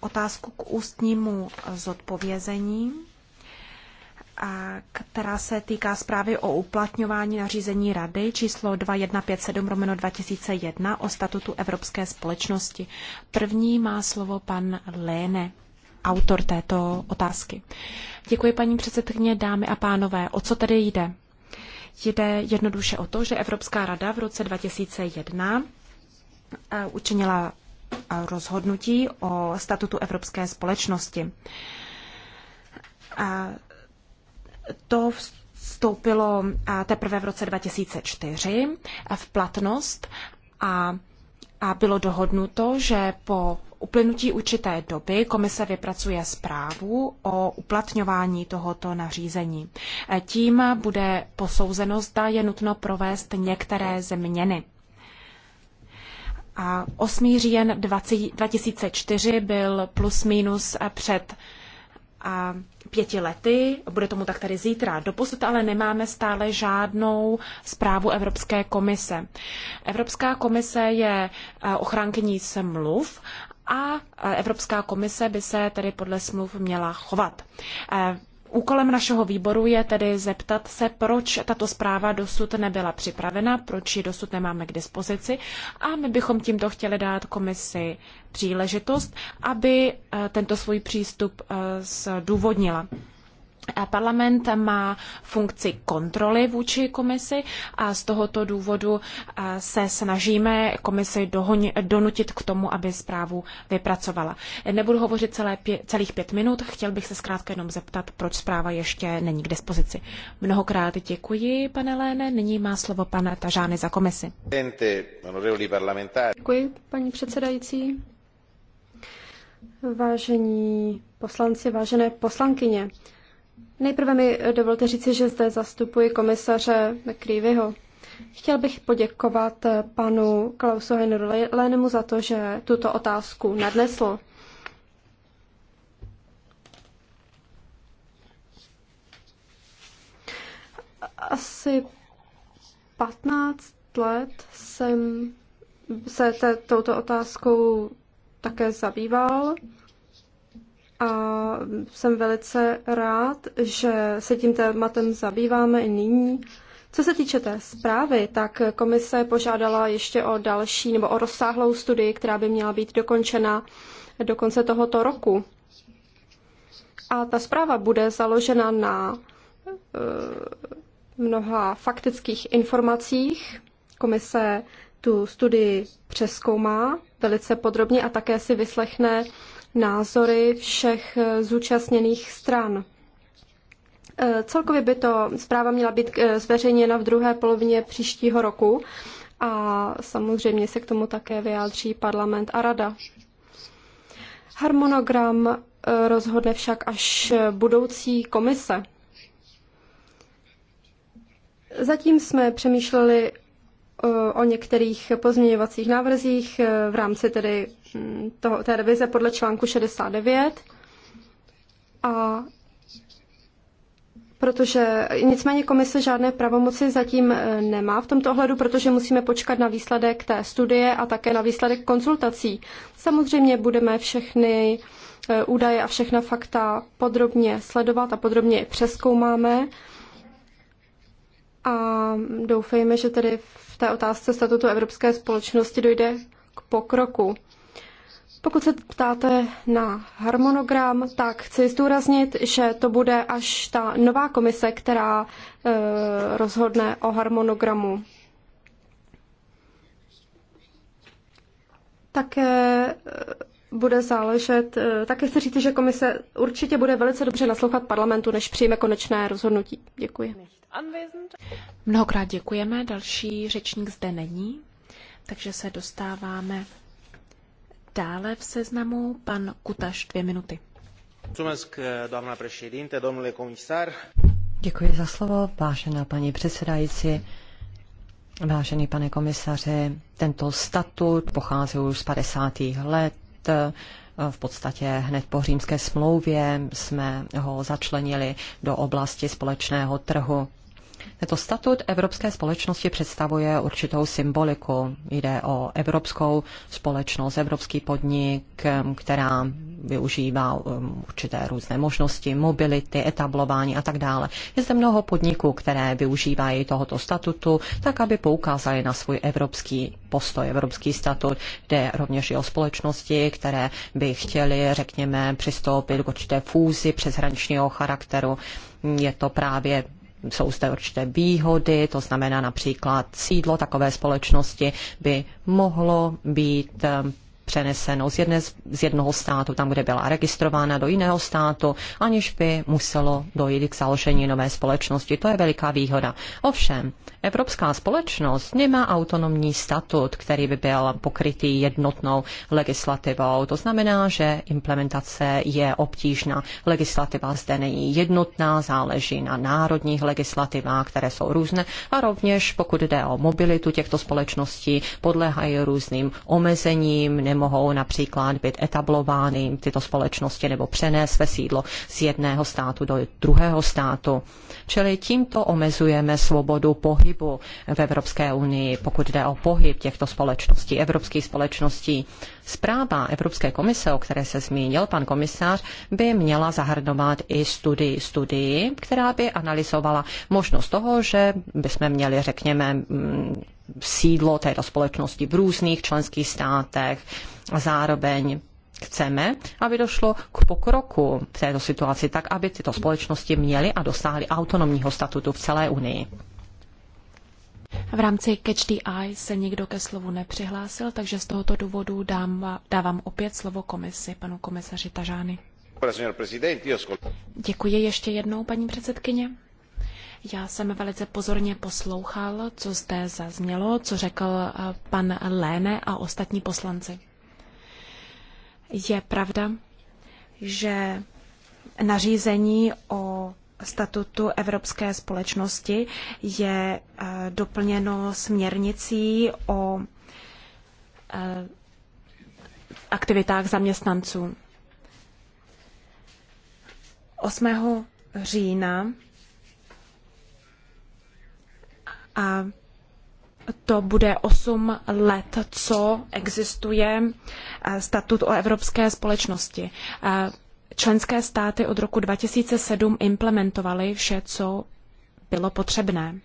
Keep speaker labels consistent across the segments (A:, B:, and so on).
A: otázku k ústnímu zodpovězení, a která se týká zprávy o uplatňování nařízení Rady číslo 2157 romeno 2001 o statutu Evropské společnosti. První má slovo pan Léne, autor této otázky. Děkuji paní předsedkyně, dámy a pánové. O co tedy jde? Jde jednoduše o to, že Evropská rada v roce 2001 e, učinila rozhodnutí o statutu Evropské společnosti. A to vstoupilo teprve v roce 2004 v platnost a, a bylo dohodnuto, že po uplynutí určité doby komise vypracuje zprávu o uplatňování tohoto nařízení. Tím bude posouzeno, zda je nutno provést některé změny a 8. říjen 2004 byl plus minus eh, před a eh, pěti lety, bude tomu tak tady zítra. Doposud ale nemáme stále žádnou zprávu Evropské komise. Evropská komise je eh, ochránkyní smluv a Evropská komise by se tedy podle smluv měla chovat. Úkolem našeho výboru je tedy zeptat se, proč tato zpráva dosud nebyla připravena, proč ji dosud nemáme k dispozici a my bychom tímto chtěli dát komisi příležitost, aby eh, tento svůj přístup eh, zdůvodnila. Parlament má funkci kontroly vůči komisi a z tohoto důvodu se snažíme komisi dohoň, donutit k tomu, aby zprávu vypracovala. Nebudu hovořit celé pě, celých pět minut, chtěl bych se zkrátka jenom zeptat, proč zpráva ještě není k dispozici. Mnohokrát děkuji, pane Léne, nyní má slovo pan Tažány za komisi.
B: Děkuji, paní předsedající. Vážení poslanci, vážené poslankyně, Nejprve mi dovolte říci, že zde zastupuji komisaře McCreevyho. Chtěl bych poděkovat panu Klausu Henrlénemu za to, že tuto otázku nadnesl. Asi 15 let jsem se te, touto otázkou také zabýval a jsem velice rád, že se tím tématem zabýváme i nyní. Co se týče té zprávy, tak komise požádala ještě o další nebo o rozsáhlou studii, která by měla být dokončena do konce tohoto roku. A ta zpráva bude založena na e, mnoha faktických informacích. Komise tu studii přeskoumá velice podrobně a také si vyslechne názory všech eh, zúčastněných stran. Eh, celkově by to zpráva měla být eh, zveřejněna v druhé polovině příštího roku a samozřejmě se k tomu také vyjádří parlament a rada. Harmonogram rozhodne však až budoucí komise. Zatím jsme přemýšleli o některých pozměňovacích návrzích eh, v rámci tedy hm, toho, té revize podle článku 69. A protože nicméně komise žádné pravomoci zatím eh, nemá v tomto ohledu, protože musíme počkat na výsledek té studie a také na výsledek konzultací. Samozřejmě budeme všechny eh, údaje a všechna fakta podrobně sledovat a podrobně je přeskoumáme a doufejme, že tedy v té otázce statutu Evropské společnosti dojde k pokroku. Pokud se ptáte na harmonogram, tak chci zdůraznit, že to bude až ta nová komise, která e, rozhodne o harmonogramu. Také e, bude záležet, eh, také chci říct, že komise určitě bude velice dobře naslouchat parlamentu, než přijme konečné rozhodnutí. Děkuji.
A: Mnohokrát děkujeme. Další řečník zde není, takže se dostáváme dále v seznamu.
C: Pan Kutaš, dvě minuty. Děkuji za slovo, vážená paní předsedající. Vážený pane komisaři, tento statut pochází už z 50. let Eh, v podstatě hned po římské smlouvě jsme ho začlenili do oblasti společného trhu tento statut Evropské společnosti představuje určitou symboliku. Jde o evropskou společnost, evropský podnik, která využívá um, určité různé možnosti, mobility, etablování a tak dále. Je zde mnoho podniků, které využívají tohoto statutu, tak aby poukázali na svůj evropský postoj, evropský statut. Jde rovněž i o společnosti, které by chtěly, řekněme, přistoupit k určité fúzi přeshraničního charakteru. Je to právě jsou zde určité výhody, to znamená například sídlo takové společnosti by mohlo být eh, přeneseno z, jedné, z jednoho státu, tam, kde byla registrována, do jiného státu, aniž by muselo dojít k založení nové společnosti. To je veliká výhoda. Ovšem, Evropská společnost nemá autonomní statut, který by byl pokrytý jednotnou legislativou. To znamená, že implementace je obtížná. Legislativa zde není jednotná, záleží na národních legislativách, které jsou různé a rovněž pokud jde o mobilitu těchto společností, podléhají různým omezením, nemo- mohou například být etablovány tyto společnosti nebo přenést své sídlo z jedného státu do druhého státu. Čili tímto omezujeme svobodu pohybu v Evropské unii, pokud jde o pohyb těchto společností, evropských společností. Zpráva Evropské komise, o které se zmínil pan komisář, by měla zahrnovat i studii, studii která by analyzovala možnost toho, že bychom měli, řekněme, sídlo této společnosti v různých členských státech a zároveň chceme, aby došlo k pokroku v této situaci, tak aby tyto společnosti měly a dosáhly autonomního statutu v celé Unii.
A: V rámci Catch the Eye se nikdo ke slovu nepřihlásil, takže z tohoto důvodu dám, dávám opět slovo komisi, panu komisaři Tažány. Děkuji ještě jednou, paní předsedkyně. Já jsem velice pozorně poslouchal, co zde zaznělo, co řekl eh, pan Léne a ostatní poslanci. Je pravda, že nařízení o statutu Evropské společnosti je eh, doplněno směrnicí o eh, aktivitách zaměstnanců. 8. října to bude 8 let, co existuje e, statut o evropské společnosti. E, členské státy od roku 2007 implementovaly vše, co bylo potřebné.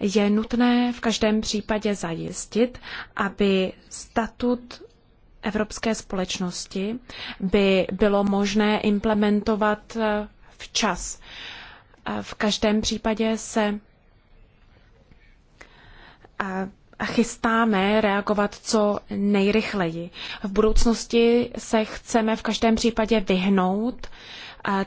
A: Je nutné v každém případě zajistit, aby statut evropské společnosti by bylo možné implementovat e, včas. V každém případě se chystáme reagovat co nejrychleji. V budoucnosti se chceme v každém případě vyhnout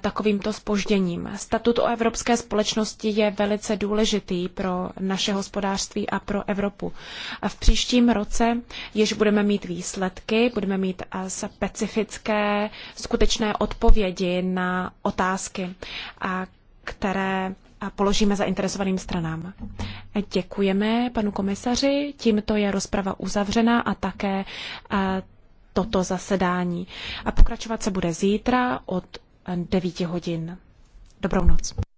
A: takovýmto spožděním. Statut o evropské společnosti je velice důležitý pro naše hospodářství a pro Evropu. A v příštím roce již budeme mít výsledky, budeme mít specifické skutečné odpovědi na otázky, které položíme zainteresovaným stranám. Děkujeme panu komisaři, tímto je rozprava uzavřena a také eh, toto zasedání. A pokračovat se bude zítra od 9 eh, hodin. Dobrou noc.